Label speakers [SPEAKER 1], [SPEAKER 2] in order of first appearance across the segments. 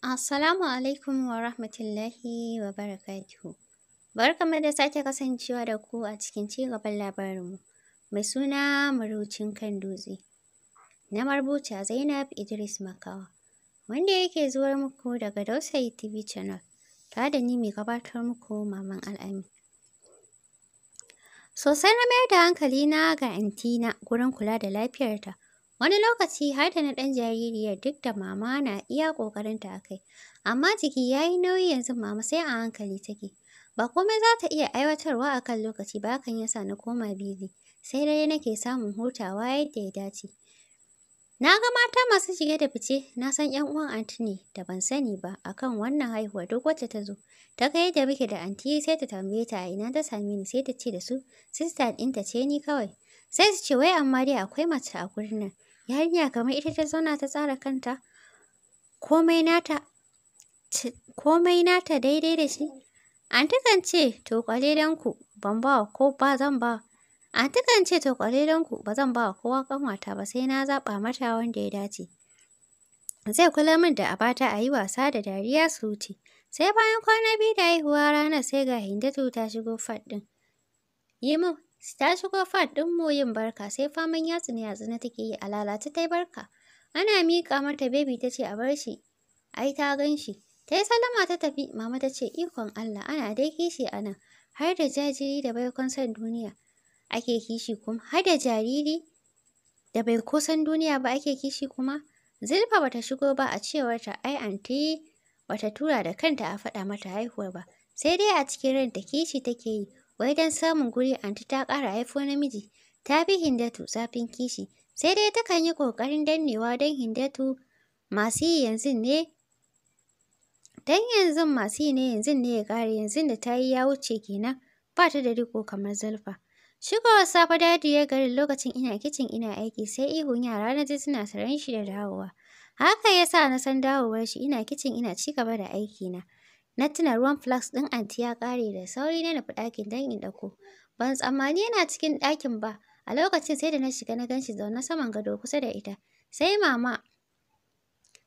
[SPEAKER 1] Assalamu alaikum wa rahmatullahi wa barakatuhu. Barka, da sake kasancewa da ku a cikin ci gaban labarinmu. Mai suna Marucin kan dutse. Na marubuta Zainab Idris Makawa. Wanda yake zuwa muku daga Dausayi TV channel. Ta da ni mai gabatar muku Maman Al'ami. Sosai na mayar da hankali na ga antina gurin kula da lafiyarta. Wani lokaci har da na ɗan jaririyar duk da mama na iya ƙoƙarinta a kai. Amma jiki ya yi nauyi yanzu mama sai a hankali take. Ba komai za ta iya aiwatarwa a kan lokaci ba hakan ya sa na koma bizi. Sai dai nake samun hutawa yadda ya dace. Na ga mata masu shige da fice, na san ‘yan uwan anti ne da ban sani ba a kan wannan haihuwa duk wacce ta zo. Ta ga yadda muke da anti sai ta tambaye ta a ina ta same ni sai ta ce da su, sista ɗinta ce ni kawai. Sai su ce wai amma dai akwai mace a gurin nan. Yarinya kamar ita ta zauna ta tsara kanta, komai nata komai nata daidai da shi. An takan ce to ku ban ba ko ba zan ba. An takan ce to ku ba zan ba kowa kanwata ba sai na zaɓa mata wanda ya dace. Zai kula min da abata a yi wasa da dariya su wuce. Sai bayan kwana biyu da haihuwa ranar sai ga Hindatu ta shigo fat ɗin. Yi min Ta shigo fat ɗin mu yin barka sai faman yatsuna yatsuna take yi a lalata ta yi barka. Ana miƙa mata baby ta ce a bar shi. Ai ta gan shi. Ta yi salama ta tafi mama ta ce ikon Allah ana dai kishi a nan har da jajiri da baikon san duniya. Ake kishi kuma har da jariri da bai kusan duniya ba ake kishi kuma. Zulfa bata shigo ba a cewar ta, ai anti bata tura da kanta a faɗa mata haihuwar ba. Sai dai a cikin ranta kishi take yi. wai don samun guri anti ta ƙara haifo namiji ta bi hindatu zafin kishi sai dai takan yi ƙoƙarin dannewa don hindatu masu yi yanzu ne don yanzu masu yi ne yanzu ne ya ƙare yanzu da ta yi ya wuce kenan ba ta da riko kamar zalfa. shigowar safe dadi ya garin lokacin ina kicin ina aiki sai ihun yara na ji suna saran shi da dawowa haka ya sa na san dawowar shi ina kicin ina ci gaba da aikina. na Na tuna ruwan flask ɗin anti ya ƙare da sauri na nufi ɗakin don in ɗauko. Ban tsammani yana cikin ɗakin ba. A lokacin sai da na shiga na ganshi zaune saman gado kusa da ita. Sai mama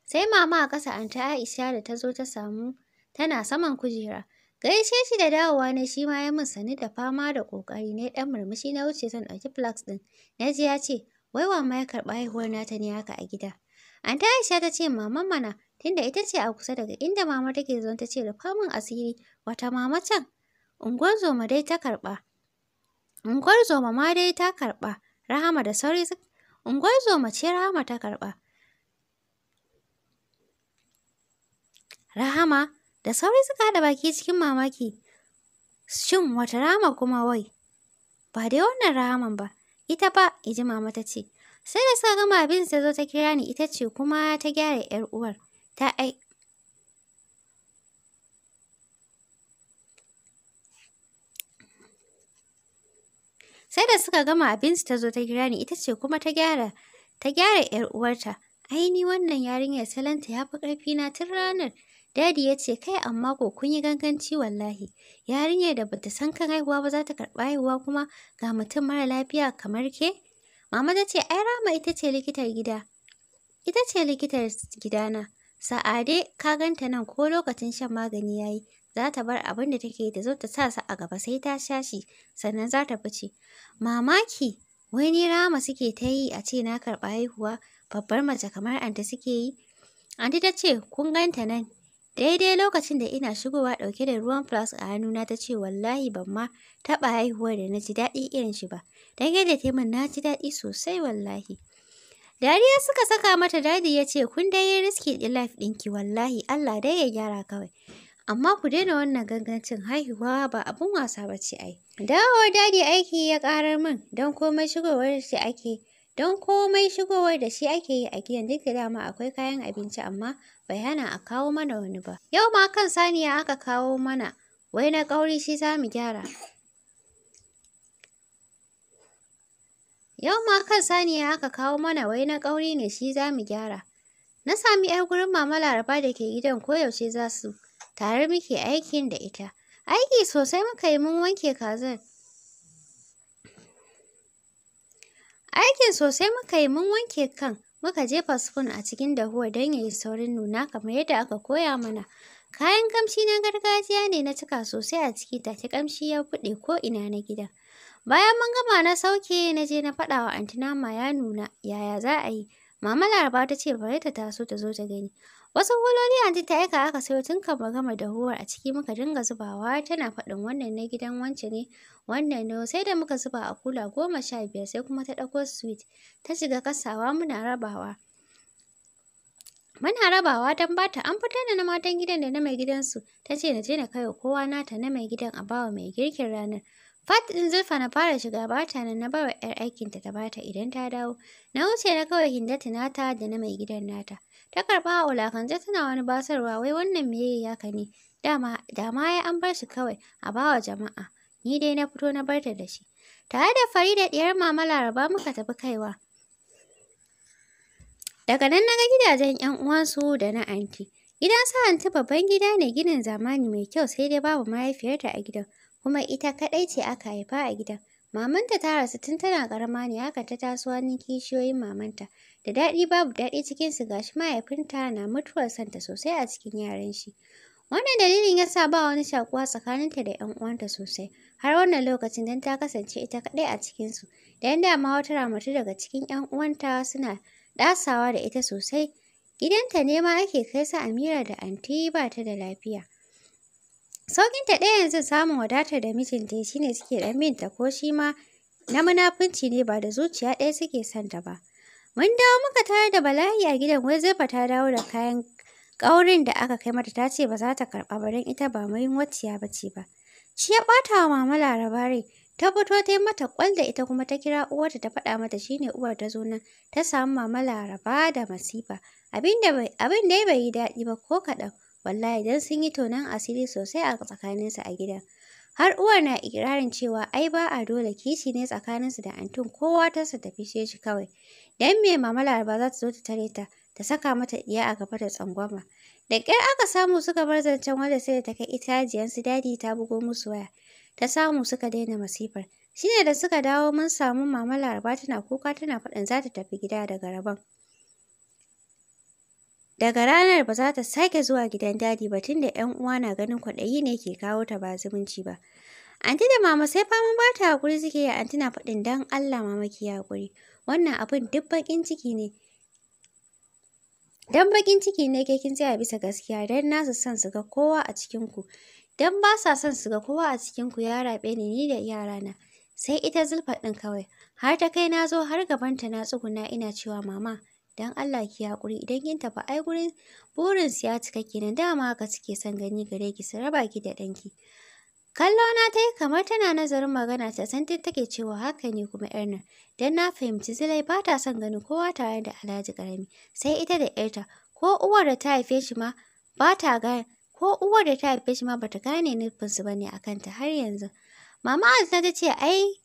[SPEAKER 1] Sai mama a ƙasa anti Aisha da ta zo ta samu tana saman kujera. Gaishe shi da dawowa ne shi ma ya min sani da fama da ƙoƙari ne ɗan murmushi na wuce zan ɗauki flask ɗin. Na ji ya ce, wai wa ma ya karɓa haihuwar nata ne haka a gida. Anta Aisha ta ce, maman mana, tunda ita ce a kusa daga inda mama take zuwa ta ce rufa min asiri wata mama can unguwar zoma dai ta karba unguwar zoma ma dai ta karɓa rahama da sauri unguwar zoma ce rahama ta karba rahama da sauri suka haɗa baki cikin mamaki shin wata rahama kuma wai ba dai wannan rahaman ba ita ba iji mama ta ce sai da suka gama abin sai zo ta kira ni ita ce kuma ta gyara yar uwar ta ai sai da suka gama abinsu ta zo ta kira ni ita ce kuma ta gyara ta gyara yar uwarta ai ni wannan yarinyar salanta ya fi ƙarfi na tun ranar dadi ya ce kai amma ko kun yi ganganci wallahi yarinyar da bata san kan haihuwa ba za ta karɓa haihuwa kuma ga mutum mara lafiya kamar ke mama ta ce ai rama ita ce likitar gida ita ce likitar gidana Sa'ade ka ganta nan ko lokacin shan magani yayi yi, za ta bar abin da take da zo ta sa sa a gaba sai ta sha shi, sannan za ta fice. Mamaki, wai ni rama suke ta yi a ce na karɓa haihuwa, babbar mace kamar anta suke yi. Anti ta ce, kun ganta nan. Daidai lokacin da ina shigowa ɗauke da ruwan flask a hannuna ta ce wallahi ban ma taɓa haihuwar da na ji daɗi irin shi ba. Dangane da ta yi min na ji daɗi sosai wallahi. Dariya suka saka mata dadi ya ce kun dai yi riski ɗin life ɗinki wallahi Allah dai ya gyara kawai. Amma ku daina wannan gangancin haihuwa ba abin wasa ba ce ai. Dawowar dadi aiki ya ƙarar min don komai shigowar shi ake don komai shigowar da shi ake yi a gidan duk da dama akwai kayan abinci amma bai hana a kawo mana wani ba. Yau ma kan saniya aka kawo mana, wai na ƙauri shi za mu gyara. Yau ma kan saniya aka kawo mana wai na ƙauri ne shi za mu gyara. Na sami 'yar gurin mama Laraba da ke gidan koyaushe za su tare muke aikin da ita. Aiki sosai muka yi mun wanke Aikin sosai muka yi mun wanke kan muka jefa spoon a cikin dahuwa don ya yi saurin nuna kamar yadda aka koya mana. Kayan kamshi na gargajiya ne na cika sosai a ciki take kamshi ya buɗe ko ina na gidan. Bayan mun gama na sauke na je na faɗa wa antinama ya nuna yaya za a yi. Mama Laraba ta ce bari ta taso ta zo ta gani. Wasu huloli anti ta aika aka sayo tun kan gama dahuwar a ciki muka dinga zubawa tana faɗin wannan na gidan wance ne wannan ne sai da muka zuba a kula goma sha biyar sai kuma ta ɗauko sweet ta shiga kasawa muna rabawa. Muna rabawa don bata an fita da na matan gidan da na mai gidansu ta ce na je na kai kowa nata na mai gidan a bawa mai girkin ranar. Fat ɗin zurfa na fara shiga bata nan na bawa 'yar aikinta ta bata idan ta dawo. Na wuce na kawai hindata nata da na mai gidan nata. Ta karɓa a wulakance tana wani basarwa wai wannan meye yaka ne. Dama dama ya an bar shi kawai a bawa jama'a. Ni dai na fito na barta da shi. Tare da Farida ɗiyar mama Laraba muka tafi kaiwa. Daga nan na ga gidajen 'yan uwansu da na anti. Gidan su anti babban gida ne ginin zamani mai kyau sai dai babu mahaifiyarta a gidan. kuma ita kadai ce aka haifa a gidan. Mamanta ta rasu tun tana karama ne haka ta taso hannun kishiyoyin mamanta. Da daɗi babu daɗi su gashi mahaifinta na mutuwar santa sosai a cikin yaran shi. Wannan dalilin ya sa ba wani shakuwa tsakaninta da 'yan uwanta sosai, har wannan lokacin dan ta kasance ita kadai a cikinsu, da yan dama wata ramatu daga cikin 'yan uwanta suna ɗasawa da ita sosai. Gidanta ne ma ake kai su Amira da anti ba ta da lafiya. Sauƙinta ɗaya yanzu samun wadatar da mijinta ya shine suke ɗan minta ko shi ma na munafunci ne ba da zuciya ɗaya suke santa ba. Mun dawo muka tare da bala'i a gidan wai zai ta dawo da kayan ƙaurin da aka kai mata ta ce ba za ta karɓa ba don ita ba mai wacciya ba ce ba. Shi ya ɓata wa mama laraba rai ta fito ta yi mata ƙwal da ita kuma ta kira uwarta ta faɗa mata shi ne uwar ta zo nan ta samu mama laraba da masifa abin da bai yi daɗi ba ko kaɗan. wallahi dan sun yi tonon asiri sosai a tsakaninsu a gidan har uwar na ikirarin cewa ai ba a dole kishi ne tsakaninsu da antun kowa ta su tafi shi kawai dan me mama laraba za ta zo ta tare ta ta saka mata ɗiya a gaba da tsangwama da ƙyar aka samu suka bar zancen wanda sai da ta kai su dadi ta bugo musu waya ta samu suka daina masifar shine da suka dawo mun samu mama laraba tana kuka tana faɗin za ta tafi gida daga rabon Daga ranar ba za ta sake zuwa gidan dadi ba tunda ‘yan uwa na ganin kwaɗayi ne ke kawo ta ba zumunci ba. Anti da mama sai fama ba ta haƙuri suke yi anti na faɗin dan Allah mama ki haƙuri. Wannan abin duk bakin ciki ne. Dan baƙin ciki ne ke kin tsaya bisa gaskiya dan nasu son su ga kowa a cikin ku. Dan ba sa son su ga kowa a cikin ku ya rabe ni ni da na Sai ita zulfa ɗin kawai. Har ta kai na zo har gabanta na tsuguna ina cewa mama. don Allah ki haƙuri idan kin tafi ai gurin burin ya cika kenan dama haka suke son gani gare ki su raba ki da ɗanki. Kallo na ta yi kamar tana nazarin magana ta san take cewa haka ne kuma ‘yar nan, don na fahimci Zulai ba ta son ganin kowa tare da Alhaji karami sai ita da ‘yarta, ko uwar da ta haife shi ma ba ta gane, ko uwar da ta haife shi ma ba ta gane nufinsu ba ne a kanta har yanzu. Mama Azna ta ce ai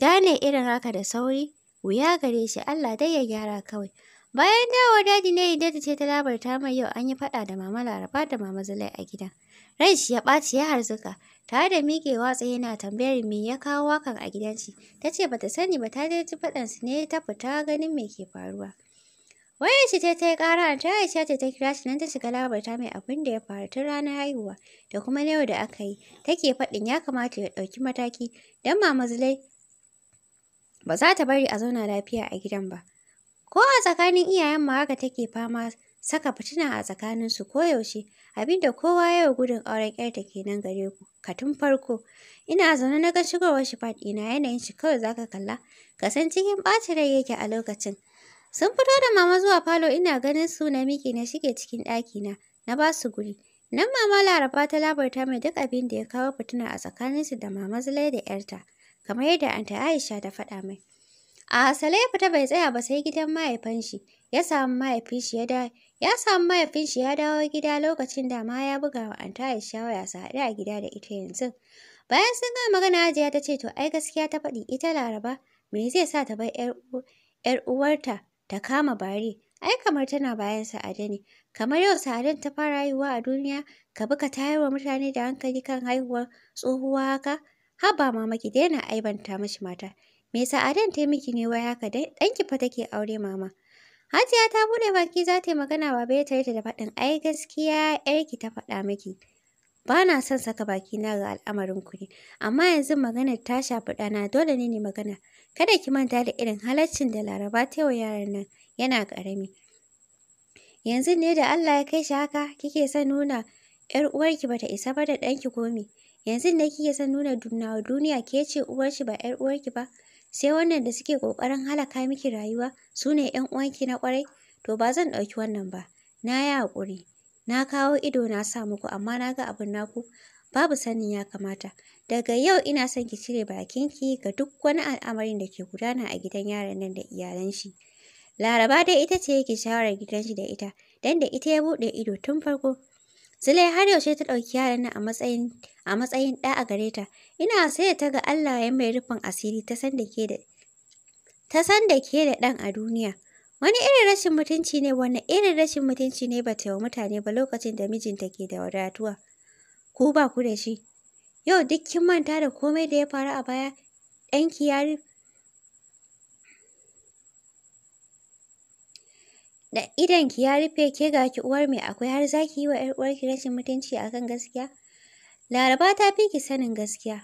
[SPEAKER 1] gane irin haka da sauri, wuya gare shi Allah dai ya gyara kawai. Bayan dawowar daji ne Hidatu ce ta labarta mai yau an yi faɗa da mama Laraba da mama Zulai a gidan. Ran shi ya ɓaci ya harzuka, tare da mikewa tsaye yana tambayar me ya kawo wakan a gidanci. Ta ce bata sani ba ta dai ji faɗansu ne ta fita ganin me ke faruwa. Wayar shi ta yi ƙara ta Aisha ce ta kira shi nan ta shiga labarta mai abin da ya faru tun ranar haihuwa da kuma na yau da aka yi. Take faɗin ya kamata ya ɗauki mataki Dan mama Zulai ba za ta bari a zauna lafiya a gidan ba. Ko a tsakanin iyayen mu haka take fama saka fitina a tsakaninsu koyaushe, abinda kowa ya yi gudun auren ‘yarta kenan gare ku, ka tun farko. Ina zaune na ga shigowar Shifat ɗina yanayin shi kawai zaka kalla, ka san cikin ɓacin rai yake a lokacin. Sun fito da mama zuwa falo ina ganin su na miƙe na shige cikin ɗakina, na ba su guri. Nan mama Laraba ta labarta mai duk abin da ya kawo fitina a tsakaninsu da mama Zulai da ‘yarta, kamar yadda Anta Aisha ta faɗa mai. A asale ya fita bai tsaya ba sai gidan mahaifin shi. Ya samu mahaifin shi ya da ya samu mahaifin shi ya dawo gida lokacin da ma ya buga wa anta ya waya su haɗu a gida da ita yanzu. Bayan sun gama magana Hajiya ta ce to ai gaskiya ta faɗi ita Laraba me zai sa ta bar ‘yar uwarta ta kama bare. Ai kamar tana bayan Sa'ada ne. Kamar yau Sa'adan ta fara haihuwa a duniya ka bi ka tayar mutane da hankali kan haihuwar tsohuwa haka. Haba mamaki ki daina aibanta mashi mata. Me sa'adan ta miki ne waya haka dai? Ɗanki fa take aure mama. Hajiya ta buɗe baki za ta yi magana ba ya tare ta da faɗin ai gaskiya yarki ta faɗa miki. Ba na son saka baki na ga al'amarin ku ne, amma yanzu maganar ta shafi ɗana dole ne ne magana. Kada ki manta da irin halaccin da Laraba ta wa yaran nan yana karami Yanzu ne da Allah ya kai shi haka kike son nuna ‘yar uwarki bata isa ba da ɗanki komi. Yanzu ne kike son nuna duniya duniya ke ce uwarshi ba ‘yar uwarki ba. sai wannan da suke ƙoƙarin halaka miki rayuwa su ne ‘yan uwanki na kwarai, to ba zan ɗauki wannan ba, na yi haƙuri, na kawo ido na sa muku amma na ga abin naku babu sanin ya kamata. Daga yau ina son ki cire bakinki ga duk wani al'amarin da ke gudana a gidan yaran nan da iyalan shi. Laraba dai ita ce yake shawarar gidan shi da ita, dan da ita ya buɗe ido tun farko, Zulai har yaushe ta ɗauki yaran nan a matsayin a matsayin ɗa a gare ta. Ina sai ta ga Allah ya mai rufin asiri ta san da ke da ta san da ke da ɗan a duniya. Wani irin rashin mutunci ne wani irin rashin mutunci ne ba ta wa mutane ba lokacin da mijinta ke da wadatuwa. Ku ba ku da shi. Yau duk kin manta da komai da ya faru a baya ɗanki ya Da idonki ya rufe ke ga ki uwar mai akwai har zaki yi wa ‘yar uwarki rashin mutunci akan kan gaskiya? Laraba ta fi ki sanin gaskiya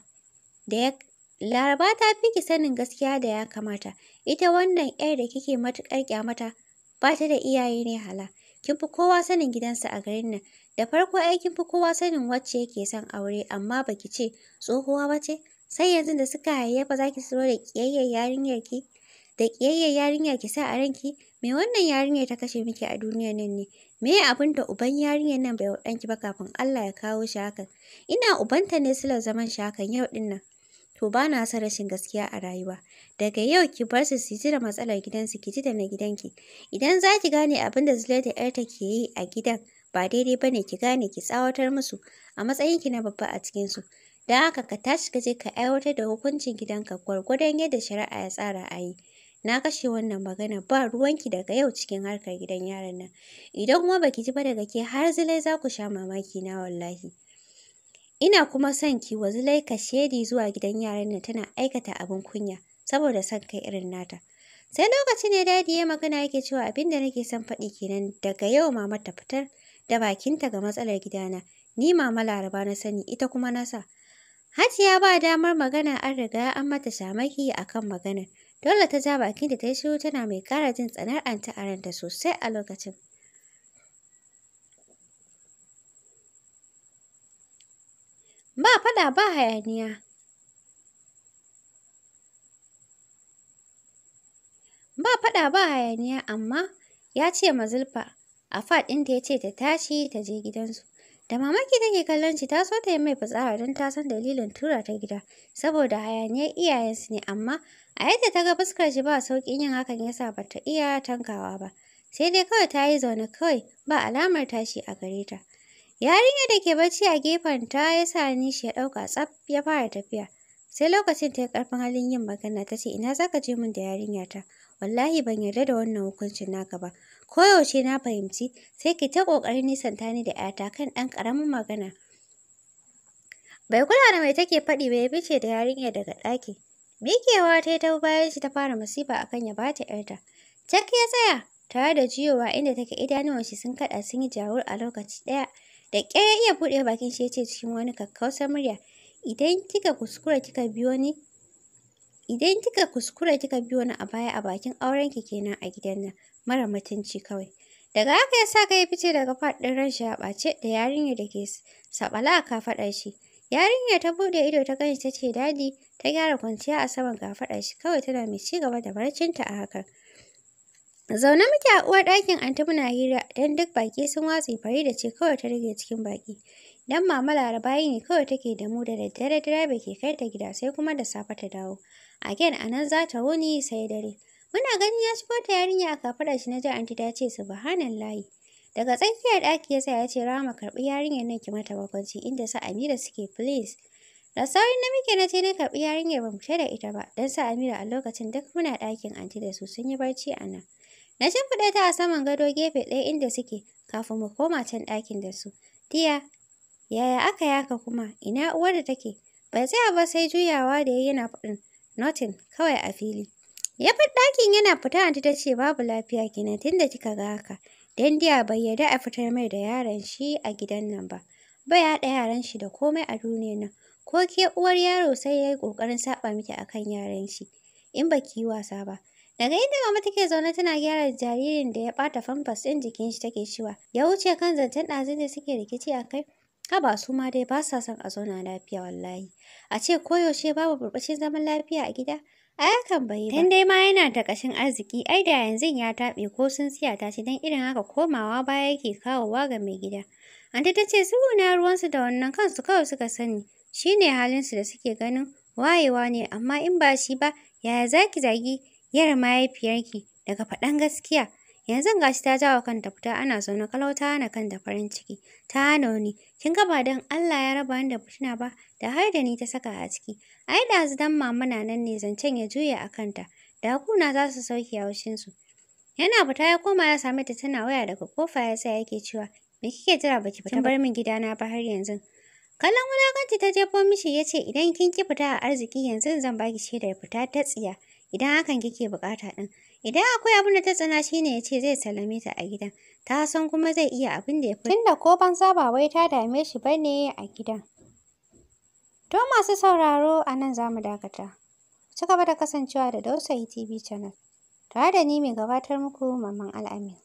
[SPEAKER 1] da ya Laraba ta fi ki sanin gaskiya da ya kamata. Ita wannan ‘yar da kike matuƙar ƙyamata ba ta da iyaye ne hala. Kin fi kowa sanin gidansa a garin nan. Da farko ai kin fi kowa sanin wacce yake son aure amma baki ce tsohuwa ba ce. Sai yanzu da suka hayayyafa za ki tsoro da ƙiyayyar yarinyarki. Da ƙiyayyar yarinyarki sa a ranki Me wannan yarinyar ta kashe miki a duniyar nan ne? Me ya abin uban yarinyar nan bai ɗanki ba kafin Allah ya kawo shi hakan? Ina ubanta ne silar zaman shi haka yau din nan. To ba na son rashin gaskiya a rayuwa. Daga yau ki bar su su ji da matsalar gidansu ki ji da na gidanki. Idan za ki gane abin da Zulai da ‘yarta ke yi a gidan ba daidai bane ki gane ki tsawatar musu a matsayin ki na babba a cikin su Dan haka ka tashi ka je ka aiwatar da hukuncin gidanka gwargwadon yadda shari'a ya tsara a yi. Na kashe wannan magana ba ruwanki daga yau cikin harkar gidan yaran nan. Idan kuma baki ji ba daga ke har zilai za ku sha mamaki na wallahi. Ina kuma son ki wa zulai ka shedi zuwa gidan yaran nan tana aikata abin kunya saboda son kai irin nata. Sai lokaci ne dadi ya magana yake cewa abin da nake son faɗi kenan daga yau mama ta fitar da bakinta ga matsalar gidana. Ni mama Laraba na sani ita kuma nasa. Hajiya ba damar magana an riga an mata shamaki akan maganar. Dole ta ja bakin da ta yi shiru tana mai ƙara jin tsanar anta a sosai a lokacin. Ba faɗa ba hayaniya. Ba fada ba hayaniya amma ya ce ma Zulfa a da ya ce ta tashi ta je gidansu. Da mamaki take kallon shi ta so ta yi mai fitsara don ta san dalilin tura ta gida saboda hayaniyar iyayensu ne amma a yadda ta ga fuskar shi ba saukin yin hakan yasa ba ta iya tankawa ba. Sai dai kawai ta yi zaune kawai ba alamar tashi a gare ta. Yarinyar da ke bacci a gefen ta ya sa ni shi ya ɗauka tsaf ya fara tafiya. Sai lokacin ta yi ƙarfin halin yin magana ta ce ina za ka je min da yarinya ta? Wallahi ban yarda da wannan hukuncin naka ba. Koyaushe na fahimci sai ki ta ƙoƙarin ta ni da 'yata kan ɗan ƙaramin magana. Bai kula da mai take faɗi ba ya fice da yarinya daga ɗaki. Mikewa ta yi ta bayan shi ta fara masifa akan ya bata 'yarta. Cak ya tsaya tare da jiyowa inda take idanuwan shi sun kaɗa sun yi jawur a lokaci ɗaya. Da ƙyar ya iya buɗe bakin shi ya ce cikin wani kakkausar murya. idan kika kuskura kika bi wani idan kika kuskura kika bi wani a baya a bakin auren aurenki kenan a gidan nan mara mutunci kawai daga haka yasa ka ya fice daga faɗin ran shi a ɓace da yarinyar da ke saɓala a kafaɗar shi yarinyar ta buɗe ido ta ganshi ta ce dadi ta gyara kwanciya a saman kafaɗar shi kawai tana mai ci gaba da ta a haka Zaune muke a uwar ɗakin anti muna hira don duk baki sun watse fari da ce kawai ta rage cikin baki. Dan mama yi ne kawai take da mu da daddare direba ke kai ta gida sai kuma da safe ta dawo. Again a nan za ta wuni sai dare. Muna ganin ya shigo ta yarinya a kafaɗar shi na ji anti ta ce layi. Daga tsakiyar ɗaki ya tsaya ya ce Rama karɓi yarinyar nan ki mata bakwanci inda sa Amira suke please. Da saurin na muke na je na karɓi yarinyar ba mu da ita ba dan sa Amira a lokacin duk muna ɗakin anti da su sun yi barci a nan. Na shimfiɗa ta a saman gado gefe ɗaya inda suke kafin mu koma can ɗakin da su. Tiya Yaya aka yaka kuma? Ina uwar da take? Bai tsaya ba sai juyawa da ya yana faɗin nothing kawai a fili. Ya fi ɗakin yana fita anti ta ce babu lafiya kenan tunda kika ga haka. Dandiya bai yarda a fitar mai da yaran shi a gidan nan ba. Bai haɗa yaran shi da komai a duniyar nan. Ko ke uwar yaro sai yayi yi ƙoƙarin saɓa miki akan yaran shi. In ba yi wasa ba. Daga inda mama take zaune tana gyara jaririn da ya ɓata famfas ɗin jikin shi take cewa ya wuce kan zancen ɗazun da suke rikici a kai. Haba su ma dai ba sa son a zauna lafiya wallahi. A ce koyaushe babu burbushin zaman lafiya a gida? A yakan bai ba. dai ma yana ta ƙashin arziki, ai da yanzu ya taɓe ko sun siya ta shi don irin haka komawa baya yake kawowa ga mai gida. Anta ta ce su na ruwansu da wannan kansu kawai suka sani. Shi ne halinsu da suke ganin wayewa ne amma in ba shi ba yaya zaki ki zagi yar mahaifiyarki daga faɗan gaskiya. Yanzu gashi ta jawo kanta fita ana zaune kalau ta hana kanta farin ciki. Ta hana wani. Kin ga ba dan Allah ya raba ni da fitina ba da har da ni ta saka a ciki. Ai da dan mama na nan ne zancen ya juya a kanta. Da kuna za su sauke haushin su. Yana fita ya koma ya same ta tana waya daga kofa ya tsaya yake cewa me kike jira baki fita bar min gidana ba har yanzu. Kallon wulakanci ta jefo mishi ya ce idan kin ki fita a arziki yanzu zan baki shaidar fita ta tsiya idan hakan kike bukata din. Idan akwai abin da ta tsana shi ne ya ce zai sallame ta a gidan. Ta san kuma zai iya abin da ya fi. Tunda ko ban ba wai ta dame shi ba ne a gidan. To masu sauraro a nan za mu dakata. Ci gaba da kasancewa da Dausayi TV Channel. Tare da ni mai gabatar muku Maman Al'amin.